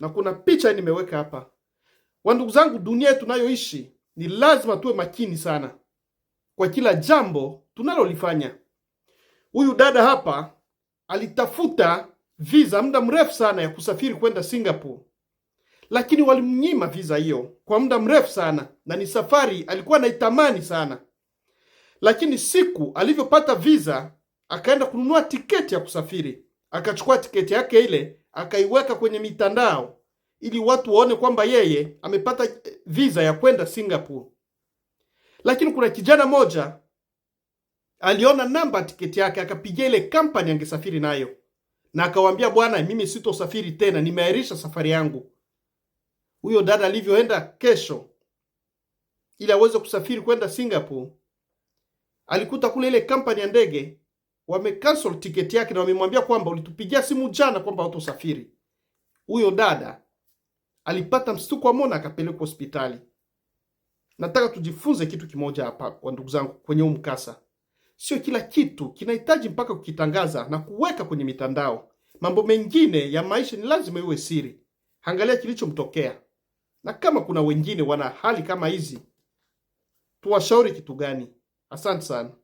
na kuna picha nimeweka hapa. Wandugu zangu, dunia tunayoishi ni lazima tuwe makini sana kwa kila jambo tunalolifanya. Huyu dada hapa alitafuta visa muda mrefu sana ya kusafiri kwenda Singapore, lakini walimnyima visa hiyo kwa muda mrefu sana, na ni safari alikuwa anaitamani sana. Lakini siku alivyopata visa, akaenda kununua tiketi ya kusafiri, akachukua tiketi yake ile akaiweka kwenye mitandao ili watu waone kwamba yeye amepata eh, visa ya kwenda Singapore. Lakini kuna kijana moja aliona namba tiketi yake akapigia ile kampani angesafiri nayo, na akawambia bwana, mimi sitosafiri tena, nimeahirisha safari yangu. Huyo dada alivyoenda kesho ili aweze kusafiri kwenda Singapore, alikuta kule ile kampani ya ndege wamecancel tiketi yake na wamemwambia kwamba ulitupigia simu jana kwamba usafiri Huyo dada alipata mshtuko wa mona akapelekwa hospitali. Nataka tujifunze kitu kimoja hapa, kwa ndugu zangu, kwenye huu mkasa, sio kila kitu kinahitaji mpaka kukitangaza na kuweka kwenye mitandao. Mambo mengine ya maisha ni lazima iwe siri. Angalia kilichomtokea, na kama kuna wengine wana hali kama hizi, tuwashauri kitu gani? Asante sana.